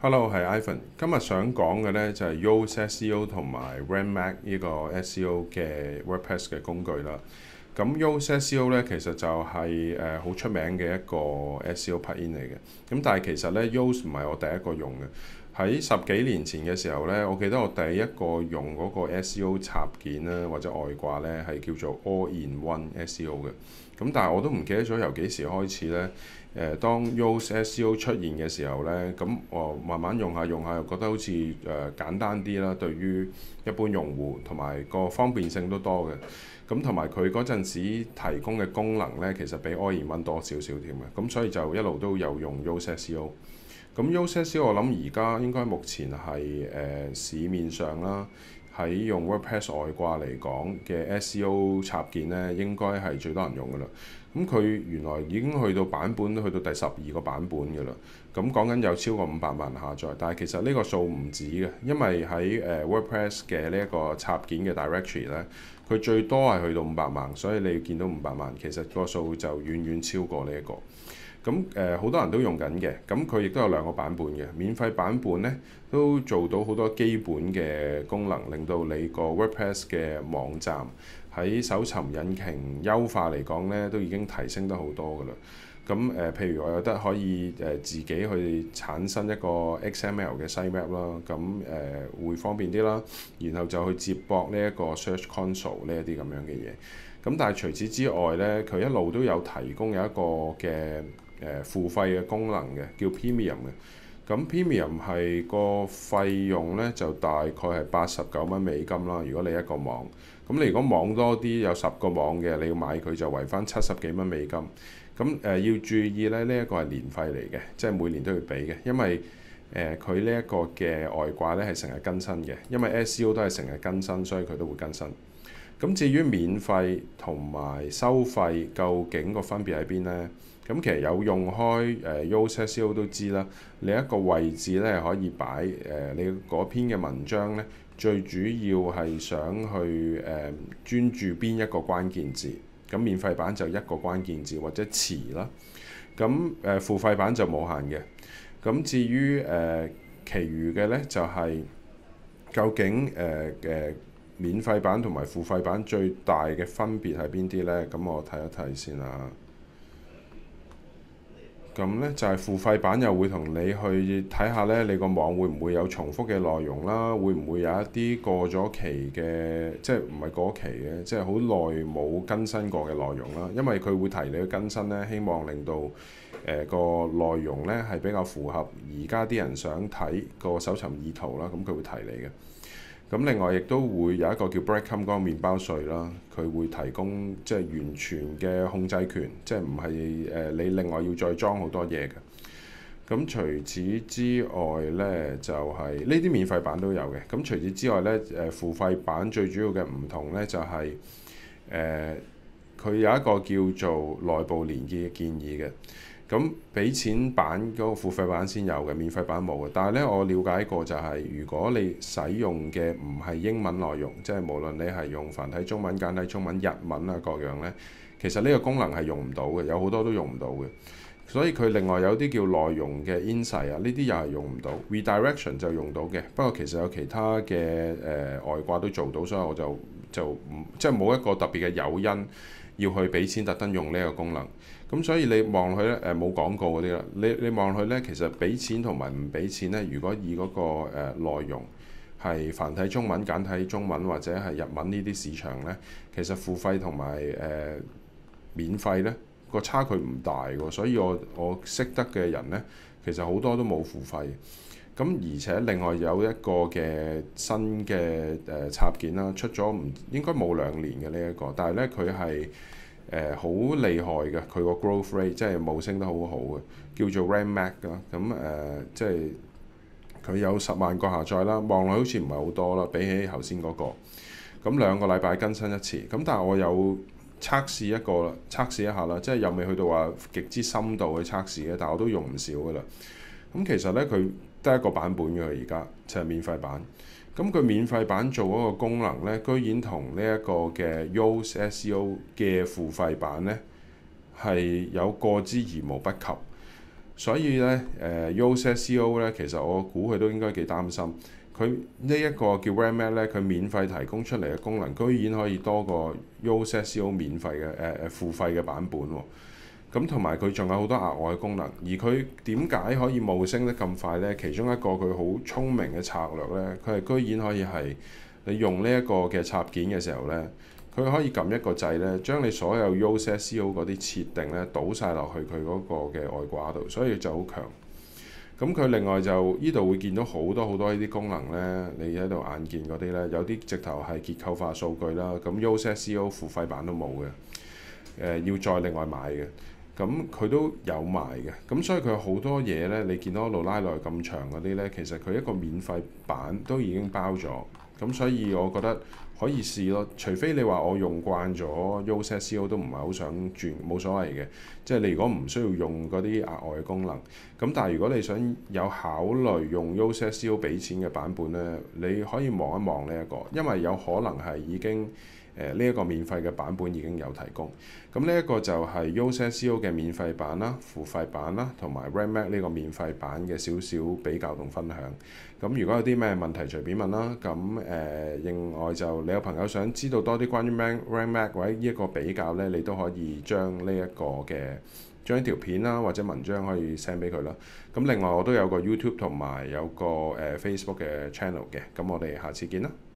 Hello，我係 Ivan。今日想講嘅呢就係 Yoast SEO 同埋 Rank Math 呢個 SEO 嘅 WordPress 嘅工具啦。咁 Yoast SEO 呢，其實就係誒好出名嘅一個 SEO plugin 嚟嘅。咁但係其實咧 Yoast 唔係我第一個用嘅。喺十幾年前嘅時候呢，我記得我第一個用嗰個 SEO 插件咧、啊、或者外掛呢，係叫做、All In One SEO 嘅。咁但係我都唔記得咗由幾時開始呢。誒，當 Use SEO 出現嘅時候呢，咁我慢慢用下用下又覺得好似誒簡單啲啦。對於一般用戶同埋個方便性都多嘅。咁同埋佢嗰陣時提供嘅功能呢，其實比 All In One 多少少添嘅。咁所以就一路都有用 Use SEO。咁 u c s 我諗而家應該目前係誒、呃、市面上啦，喺用 WordPress 外掛嚟講嘅 SEO 插件咧，應該係最多人用噶啦。咁佢原來已經去到版本去到第十二個版本噶啦。咁講緊有超過五百萬下載，但係其實呢個數唔止嘅，因為喺誒 WordPress 嘅呢一個插件嘅 directory 咧，佢最多係去到五百萬，所以你見到五百萬其實個數就遠遠超過呢、這、一個。咁誒好多人都用緊嘅，咁佢亦都有兩個版本嘅，免費版本呢都做到好多基本嘅功能，令到你個 WordPress 嘅網站喺搜尋引擎優化嚟講呢都已經提升得好多㗎喇。咁誒、呃，譬如我有得可以誒、呃、自己去產生一個 XML 嘅 SiteMap 啦，咁誒、呃、會方便啲啦，然後就去接駁呢一個 Search Console 呢一啲咁樣嘅嘢。咁但係除此之外呢，佢一路都有提供有一個嘅。誒付費嘅功能嘅叫 Premium 嘅，咁 Premium 係個費用呢，就大概係八十九蚊美金啦。如果你一個網咁，你如果網多啲有十個網嘅，你要買佢就為返七十幾蚊美金。咁誒、呃、要注意咧，呢、這、一個係年費嚟嘅，即、就、係、是、每年都要俾嘅，因為誒佢呢一個嘅外掛呢，係成日更新嘅，因為 SEO 都係成日更新，所以佢都會更新。咁至於免費同埋收費究竟個分別喺邊呢？咁其實有用開誒 Yoast、呃、SEO 都知啦。你一個位置咧可以擺誒、呃、你嗰篇嘅文章咧，最主要係想去誒、呃、專注邊一個關鍵字。咁免費版就一個關鍵字或者詞啦。咁誒、呃、付費版就冇限嘅。咁至於誒、呃，其餘嘅咧就係、是、究竟誒誒、呃呃、免費版同埋付費版最大嘅分別係邊啲咧？咁我睇一睇先啦。咁呢就係付費版又會同你去睇下呢，你個網會唔會有重複嘅內容啦？會唔會有一啲過咗期嘅，即係唔係過期嘅，即係好耐冇更新過嘅內容啦？因為佢會提你去更新呢，希望令到誒、呃、個內容呢係比較符合而家啲人想睇個搜尋意圖啦。咁佢會提你嘅。咁另外亦都會有一個叫 Breadcrumb 光麵包碎啦，佢會提供即係、就是、完全嘅控制權，即係唔係誒你另外要再裝好多嘢嘅。咁除此之外呢，就係呢啲免費版都有嘅。咁除此之外呢，誒、呃、付費版最主要嘅唔同呢，就係誒佢有一個叫做內部連結嘅建議嘅。咁俾錢版嗰個付費版先有嘅，免費版冇嘅。但係咧，我了解過就係、是，如果你使用嘅唔係英文內容，即係無論你係用繁體中文、簡體中文、日文啊各樣呢，其實呢個功能係用唔到嘅，有好多都用唔到嘅。所以佢另外有啲叫內容嘅 ins 啊，呢啲又係用唔到。redirection 就用到嘅，不過其實有其他嘅誒外掛都做到，所以我就就唔即係冇一個特別嘅誘因。要去俾錢特登用呢個功能，咁所以你望佢去咧，誒、呃、冇廣告嗰啲啦，你你望佢去咧，其實俾錢同埋唔俾錢咧，如果以嗰、嗰個誒、呃、內容係繁體中文、簡體中文或者係日文呢啲市場咧，其實付費同埋誒免費咧個差距唔大喎，所以我我識得嘅人咧，其實好多都冇付費。咁而且另外有一個嘅新嘅誒插件啦，出咗唔應該冇兩年嘅呢一個，但係呢，佢係誒好厲害嘅，佢個 growth rate 即係冇升得好好嘅，叫做 RAM Mac 啦、啊。咁、呃、誒即係佢有十萬個下載啦，望落去好似唔係好多啦，比起頭先嗰個。咁兩個禮拜更新一次，咁但係我有測試一個測試一下啦，即係又未去到話極之深度去測試嘅，但係我都用唔少噶啦。咁其實咧，佢得一個版本嘅，而家就係、是、免費版。咁佢免費版做嗰個功能咧，居然同呢一個嘅 Yoast SEO 嘅付費版咧係有過之而無不及。所以咧，誒、呃、Yoast SEO 咧，其實我估佢都應該幾擔心。佢呢一個叫 Rank Math 咧，佢免費提供出嚟嘅功能，居然可以多過 Yoast SEO 免費嘅誒誒付費嘅版本喎。咁同埋佢仲有好多額外功能，而佢點解可以冒升得咁快呢？其中一個佢好聰明嘅策略呢，佢係居然可以係你用呢一個嘅插件嘅時候呢，佢可以撳一個掣呢，將你所有 Yoast SEO 嗰啲設定呢倒晒落去佢嗰個嘅外掛度，所以就好強。咁佢另外就依度會見到好多好多呢啲功能呢，你喺度眼見嗰啲呢，有啲直頭係結構化數據啦。咁 Yoast SEO 付費版都冇嘅、呃，要再另外買嘅。咁佢都有賣嘅，咁所以佢好多嘢呢。你見到一路拉落去咁長嗰啲呢，其實佢一個免費版都已經包咗，咁所以我覺得可以試咯。除非你話我用慣咗 USCO 都唔係好想轉，冇所謂嘅，即係你如果唔需要用嗰啲額外功能，咁但係如果你想有考慮用 USCO 俾錢嘅版本呢，你可以望一望呢一個，因為有可能係已經。誒呢一個免費嘅版本已經有提供，咁呢一個就係 USSO 嘅免費版啦，付費版啦，同埋 RAMAC 呢個免費版嘅少少比較同分享。咁如果有啲咩問題隨便問啦。咁誒，呃，另外就你有朋友想知道多啲關於 RAMAC 或者呢一個比較呢，你都可以將呢一個嘅將一條片啦或者文章可以 send 俾佢啦。咁另外我都有個 YouTube 同埋有個誒 Facebook 嘅 channel 嘅，咁我哋下次見啦。